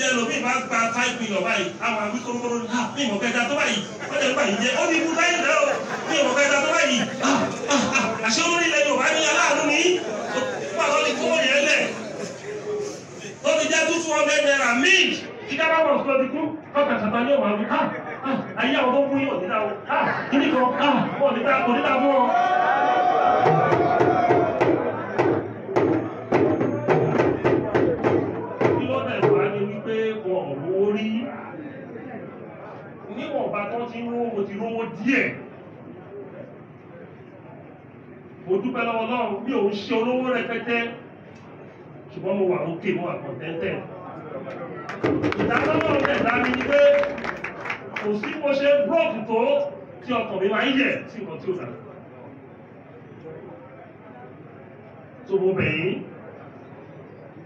jẹ lómi máa ń gba five million báyìí àwọn àwọn ìkórokóró ní à ní ìmọ̀kẹ́ da tó báyìí wọ́n lè gbà yìí ó ní ikú báyìí náà o ní ìmọ̀kẹ́ da tó báyìí ah, ah, ah, àṣẹ olórí ilẹ̀ Yorùbá ní aláàánú ní wà lọ́ ní kówó yẹn lẹ̀ ó ti jẹ́ two four hundred naira míì ìjábá wọ̀ sí ọdún kú ọkà kàtà ní òwà wí ayé àwọn tó ń mú yìí òdìdá o kí ni kan òdìdá òdìdá mú ọ. wọ́n ti rówó mo ti rówó díẹ̀ mo dúpẹ́ lọ́wọ́ Ọlọ́run mi ò ń ṣe olówó rẹpẹtẹ ṣùgbọ́n mo wà òkè mo wà kọ̀ǹtẹ́ntẹ̀ ìdálọ́wọ́ rẹ̀ dá mi ni pé kò sí mo ṣe búrọ́ọ̀kù tó tí ọkàn mi máa ń sí nǹkan tí ó dà tó mo bẹ̀ yín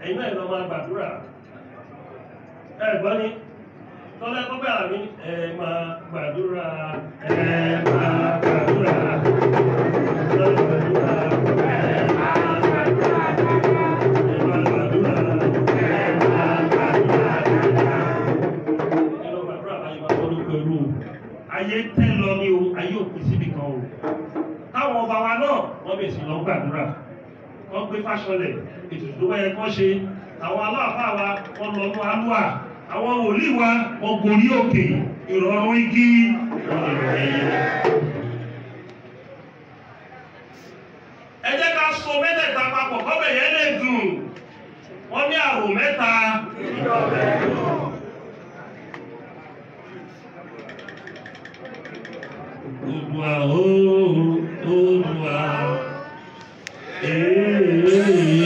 ẹ̀yin náà lọ máa gbàdúrà ẹ̀gbọ́n ni tọ́lá ẹ̀kọ́ gbà mí ẹ máa gbàdúrà ẹ máa gbàdúrà tọ́lá ayé tẹ́ lọ ní o ayé òkú síbi kan o táwọn ọba wa náà wọ́n bẹ̀ sí lọ gbàdúrà wọ́n gbé fásọlẹ̀ ètùtù bẹ́ẹ̀ kọ́ ṣe àwọn aláàfáà wa wọ́n lọ lọ́wọ́ alúwà. àwọn wòlíì wa ọgòrí òkè ìrọ̀rùn igi ẹ jẹ́ ká so mẹ́tẹ̀ẹ̀ta papọ̀ kọ́bẹ̀ yẹn lè dùn wọ́n ní àrò mẹ́ta Odua ooo, Odua, ee.